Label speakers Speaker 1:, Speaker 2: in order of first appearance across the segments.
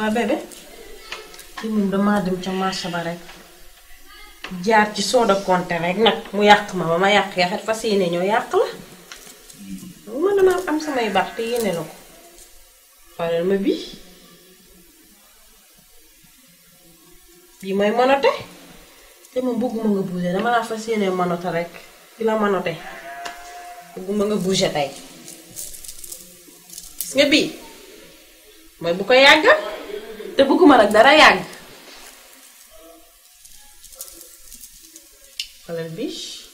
Speaker 1: wa bébé li moom damaa dem ci marché ba rek jaar ci soda konte rek nak mu yak ma ba ma yàq yaxet fas yéene ñoo yak la mu ma damaa am samay bax te yene lako faral ma bi bi may monote te moom bëgguma nga bougé dama la fasiyene yéene rek di la bëgguma nga bougé tay nga bi moy bu ko yagga Te buku malah dara yag. Kalau bish,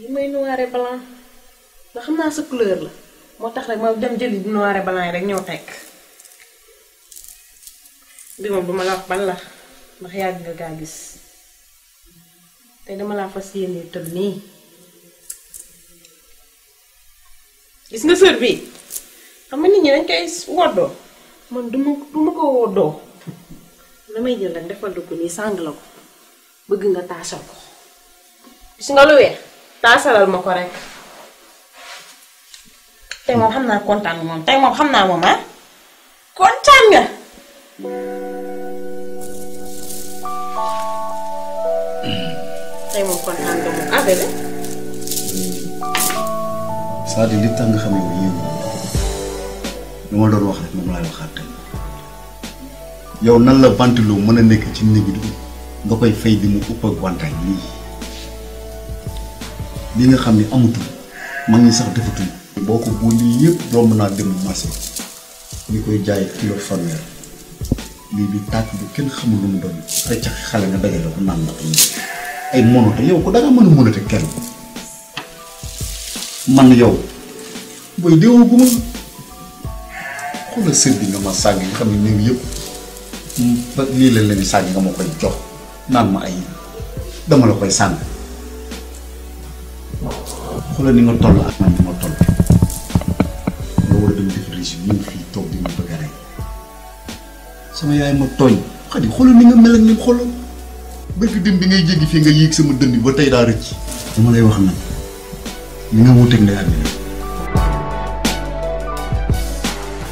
Speaker 1: ini main nuare balan. Dah kena kan sekulur lah. Mau tak lagi mau jam jeli nuare pelan yang ni Di mana mau bermalak balan lah. Mak yag gagis. Tidak malah fasih ni tu ni. Isn't this a bit? How many years can I wear man du ma du ma ko woddoo damay jël rek defal ko nii sàng la ko bëgg nga taasal ko gis nga lu weex taasalal ma ko rek tey moom xam naa kontaan moom tey moom xam naa moom ah kontaan nga tey moom kontaan nga moom ah
Speaker 2: cest à li tax nga xam ne li doon wax rek moom laay waxaat tey yow nan la bantiloo mën a nekk ci néeg bi nga koy fay bi mu upp ak wantaay lii li nga xam ni amatul mag ñi sax defatul boo ko bu lii yëpp romb naa dem marché ñu koy jaay kilo fanweer lii bi tàkk bi kenn xamul lu mu doon ay cax xale nga dajale ko naan la ay monote yow ko danga mën a kenn man yow booy déewoo guma ku la séddi nga ma sàng nga xam ne néew yëpp ba lii la leen sàng nga ma koy jox naan ma ay dama la koy sàng xoolal ni nga toll ak man ni ma toll nga war a dem def régime ñu ngi fii toog di ma bëgg a rey sama yaay ma tooñ xadi xoolal ni nga mel ak ni xoolal bëgg dim bi ngay jéggi fii nga yéeg sama dënd ba tey daa rëcc. dama lay wax nag li nga wuuteeg ndey ak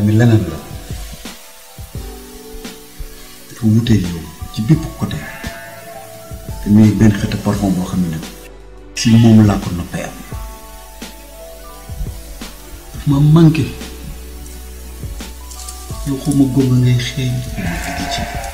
Speaker 2: leneen la dafa wuteeg yow ci bépp côté te muy benn xeetu parfum boo xam ne si moom laa ko noppee am ma manqué yow xaw ma góob ngay xeeñ.